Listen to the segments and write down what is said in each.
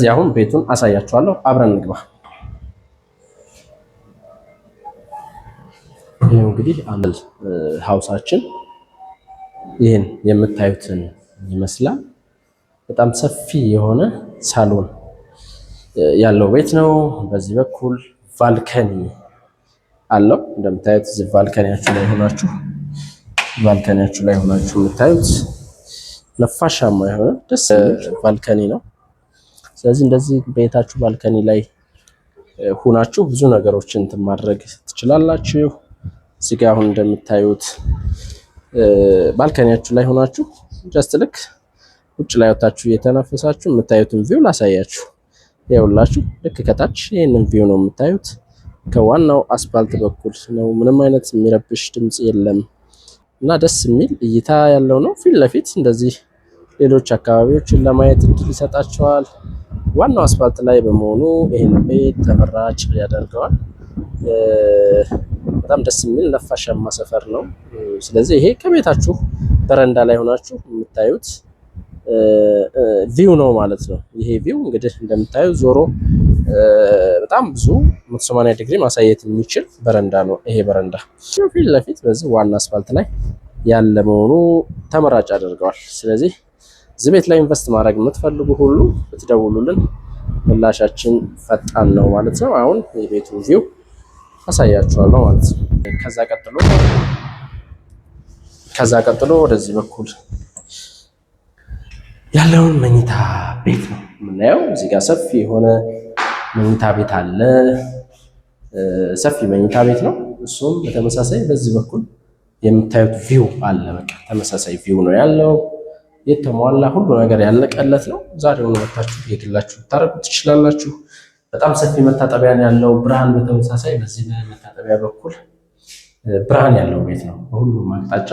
እዚህ አሁን ቤቱን አሳያችኋለሁ፣ አብረን እንግባ። ይህ እንግዲህ አመል ሀውሳችን ይህን የምታዩትን ይመስላል። በጣም ሰፊ የሆነ ሳሎን ያለው ቤት ነው። በዚህ በኩል ቫልከኒ አለው እንደምታዩት፣ እዚህ ቫልከኒያችሁ ላይ ሆናችሁ ቫልከኒያችሁ ላይ ሆናችሁ የምታዩት ነፋሻማ የሆነ ደስ ቫልከኒ ነው። ስለዚህ እንደዚህ ቤታችሁ ባልከኒ ላይ ሁናችሁ ብዙ ነገሮችን እንትን ማድረግ ትችላላችሁ። እዚህ ጋ አሁን እንደምታዩት ባልከኒያችሁ ላይ ሆናችሁ ጀስት ልክ ውጭ ላይ ወታችሁ እየተነፈሳችሁ የምታዩትን ቪው ላሳያችሁ። ይኸውላችሁ ልክ ከታች ይህንን ቪው ነው የምታዩት። ከዋናው አስፋልት በኩል ነው። ምንም አይነት የሚረብሽ ድምፅ የለም እና ደስ የሚል እይታ ያለው ነው። ፊት ለፊት እንደዚህ ሌሎች አካባቢዎችን ለማየት እድል ይሰጣቸዋል። ዋናው አስፋልት ላይ በመሆኑ ይህን ቤት ተመራጭ ያደርገዋል። በጣም ደስ የሚል ነፋሻማ ሰፈር ነው። ስለዚህ ይሄ ከቤታችሁ በረንዳ ላይ ሆናችሁ የምታዩት ቪው ነው ማለት ነው። ይሄ ቪው እንግዲህ እንደምታዩ ዞሮ በጣም ብዙ 180 ዲግሪ ማሳየት የሚችል በረንዳ ነው። ይሄ በረንዳ ፊት ለፊት በዚህ ዋና አስፋልት ላይ ያለ መሆኑ ተመራጭ ያደርገዋል። ስለዚህ እዚህ ቤት ላይ ኢንቨስት ማድረግ የምትፈልጉ ሁሉ ብትደውሉልን ምላሻችን ፈጣን ነው ማለት ነው። አሁን የቤቱ ቪው አሳያችኋለሁ ማለት ነው። ከዛ ቀጥሎ ከዛ ቀጥሎ ወደዚህ በኩል ያለውን መኝታ ቤት ነው የምናየው። እዚህ ጋር ሰፊ የሆነ መኝታ ቤት አለ። ሰፊ መኝታ ቤት ነው። እሱም በተመሳሳይ በዚህ በኩል የምታዩት ቪው አለ። በቃ ተመሳሳይ ቪው ነው ያለው። የተሟላ ሁሉ ነገር ያለቀለት ነው። ዛሬውን መታችሁ የግላችሁ ታረቁ ትችላላችሁ። በጣም ሰፊ መታጠቢያ ያለው ብርሃን፣ በተመሳሳይ በዚህ መታጠቢያ በኩል ብርሃን ያለው ቤት ነው። በሁሉም አቅጣጫ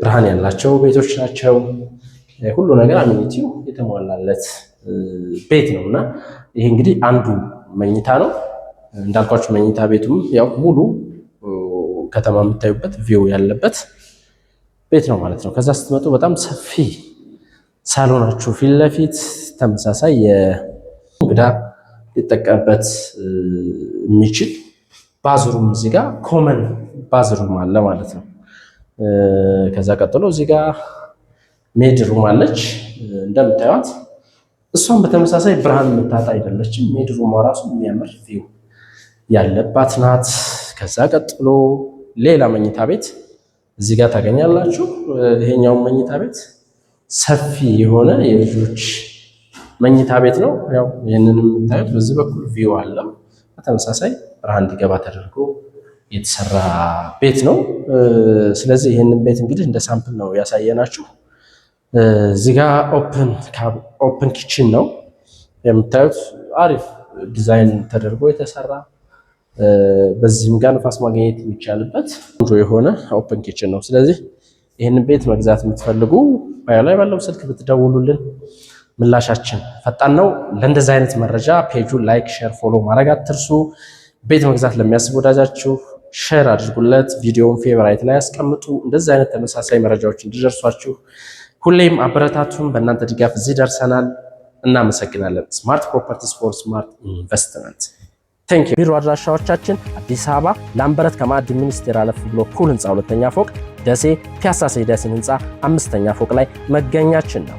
ብርሃን ያላቸው ቤቶች ናቸው። ሁሉ ነገር አሚኒቲው የተሟላለት ቤት ነው እና ይሄ እንግዲህ አንዱ መኝታ ነው እንዳልኳችሁ። መኝታ ቤቱም ያው ሙሉ ከተማ የምታዩበት ቪው ያለበት ቤት ነው ማለት ነው። ከዛ ስትመጡ በጣም ሰፊ ሳሎናችሁ ፊት ለፊት ተመሳሳይ የእንግዳ ሊጠቀምበት የሚችል ባዝሩም እዚህ ጋ ኮመን ባዝሩም አለ ማለት ነው። ከዛ ቀጥሎ እዚህ ጋ ሜድ ሩም አለች እንደምታዩት። እሷም በተመሳሳይ ብርሃን የምታጣ አይደለችም። ሜድ ራሱ የሚያምር ቪው ያለባት ናት። ከዛ ቀጥሎ ሌላ መኝታ ቤት እዚህ ጋር ታገኛላችሁ። ይሄኛው መኝታ ቤት ሰፊ የሆነ የልጆች መኝታ ቤት ነው። ያው ይህንን የምታዩት በዚህ በኩል ቪው አለው። በተመሳሳይ ብርሃን እንዲገባ ተደርጎ የተሰራ ቤት ነው። ስለዚህ ይህንን ቤት እንግዲህ እንደ ሳምፕል ነው ያሳየናችሁ። እዚህ ኦፕን ኪችን ነው የምታዩት። አሪፍ ዲዛይን ተደርጎ የተሰራ በዚህም ጋር ንፋስ ማግኘት የሚቻልበት ቆንጆ የሆነ ኦፕን ኪችን ነው። ስለዚህ ይህን ቤት መግዛት የምትፈልጉ ባዮ ላይ ባለው ስልክ ብትደውሉልን ምላሻችን ፈጣን ነው። ለእንደዚህ አይነት መረጃ ፔጁ ላይክ፣ ሼር፣ ፎሎ ማድረግ አትርሱ። ቤት መግዛት ለሚያስብ ወዳጃችሁ ሼር አድርጉለት። ቪዲዮውን ፌቨራይት ላይ ያስቀምጡ። እንደዚህ አይነት ተመሳሳይ መረጃዎች እንዲደርሷችሁ ሁሌም አበረታቱን። በእናንተ ድጋፍ እዚህ ደርሰናል። እናመሰግናለን። ስማርት ፕሮፐርቲስ ፎር ስማርት ኢንቨስትመንት ቴንክ ዩ። ቢሮ አድራሻዎቻችን አዲስ አበባ ላምበረት ከማዕድን ሚኒስቴር አለፍ ብሎ ኩል ህንፃ ሁለተኛ ፎቅ፣ ደሴ ፒያሳ ሴዳስን ህንፃ አምስተኛ ፎቅ ላይ መገኛችን ነው።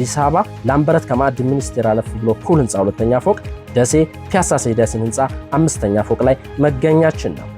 አዲስ አበባ ላምበረት ከማዕድ ሚኒስቴር አለፍ ብሎ ኩል ህንፃ ሁለተኛ ፎቅ፣ ደሴ ፒያሳ ሴዳሲን ህንፃ አምስተኛ ፎቅ ላይ መገኛችን ነው።